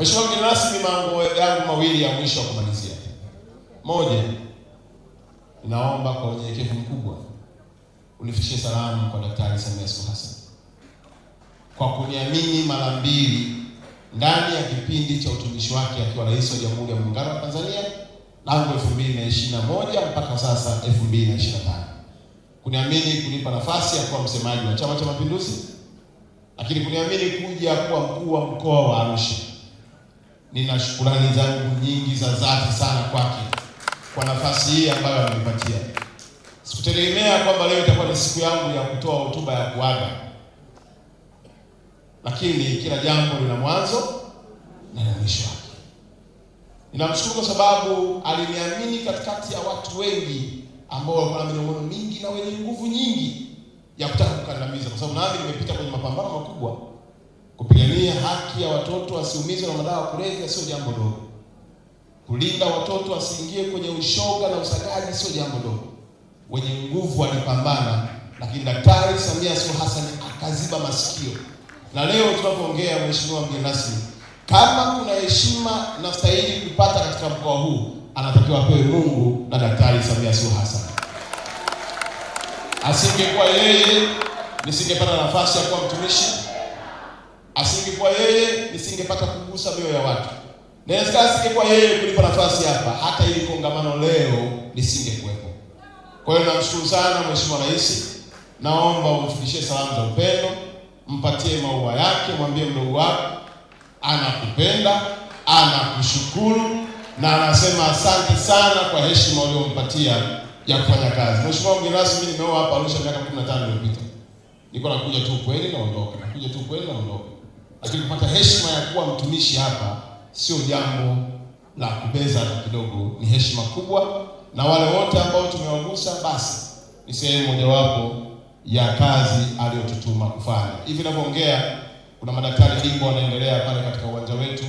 Mheshimiwa mgeni rasmi, mambo yangu mawili ya mwisho kumalizia. Moja, naomba kwa unyenyekevu mkubwa unifikishie salamu kwa Daktari Samia Suluhu Hassan kwa kuniamini mara mbili ndani ya kipindi cha utumishi wake akiwa rais wa Jamhuri ya Muungano wa Tanzania tangu 2021 mpaka sasa 2025, kuniamini kunipa nafasi ya kuwa msemaji wa Chama cha Mapinduzi, lakini kuniamini kuja kuwa mkuu wa mkoa wa Arusha nina shukurani zangu nyingi za dhati sana kwake kwa nafasi hii ambayo amenipatia. Sikutegemea kwamba leo itakuwa ni siku yangu ya kutoa hotuba ya kuaga, lakini kila jambo lina mwanzo na lina mwisho wake. Ninamshukuru kwa sababu aliniamini katikati ya watu wengi ambao walikuwa na minong'ono mingi na wenye nguvu nyingi ya kutaka kukandamiza, kwa sababu nami nimepita kwenye mapambano makubwa Kupigania haki ya watoto wasiumizwe na madawa ya kulevya sio jambo dogo. Kulinda watoto wasiingie kwenye ushoga na usagaji sio jambo dogo. Wenye nguvu wanapambana, lakini Daktari Samia Suluhu Hassan akaziba masikio, na leo tunapoongea, Mheshimiwa mgeni rasmi, kama kuna heshima na stahili kupata katika mkoa huu anatakiwa apewe Mungu na Daktari Samia Suluhu Hassan. Asingekuwa yeye nisingepata nafasi ya kuwa mtumishi Asingekuwa yeye nisingepata kugusa mioyo ya watu, na asingekuwa yeye kulipa nafasi hapa, hata ili kongamano leo lisingekuwepo. Kwa hiyo namshukuru sana Mheshimiwa Rais, naomba umfikishie salamu za upendo, mpatie maua yake, mwambie mdogo wako anakupenda, anakushukuru na anasema asante sana kwa heshima uliompatia ya kufanya kazi. Mheshimiwa mgeni rasmi, nimeoa hapa Arusha miaka 15 iliyopita. Niko nakuja tu kweli naondoka, nakuja tu kweli naondoka lakini kupata heshima ya kuwa mtumishi hapa sio jambo la kubeza kidogo, ni heshima kubwa, na wale wote ambao tumewagusa basi ni sehemu mojawapo ya kazi aliyotutuma kufanya. Hivi ninavyoongea kuna madaktari bingwa wanaendelea pale katika uwanja wetu,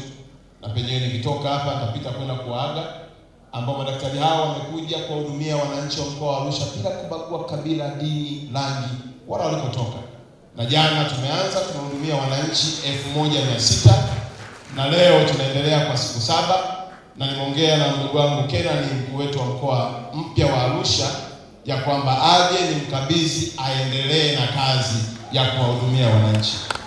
na penyewe nikitoka hapa nitapita kwenda kuwaaga, ambao madaktari hao wamekuja kuwahudumia wananchi wa mkoa wa Arusha bila kubagua kabila, dini, rangi wala walikotoka na jana tumeanza, tunahudumia wananchi elfu moja mia sita na leo tunaendelea kwa siku saba, na nimeongea na ndugu wangu ni mkuu wetu wa mkoa mpya wa Arusha, ya kwamba aje ni mkabidhi aendelee na kazi ya kuwahudumia wananchi.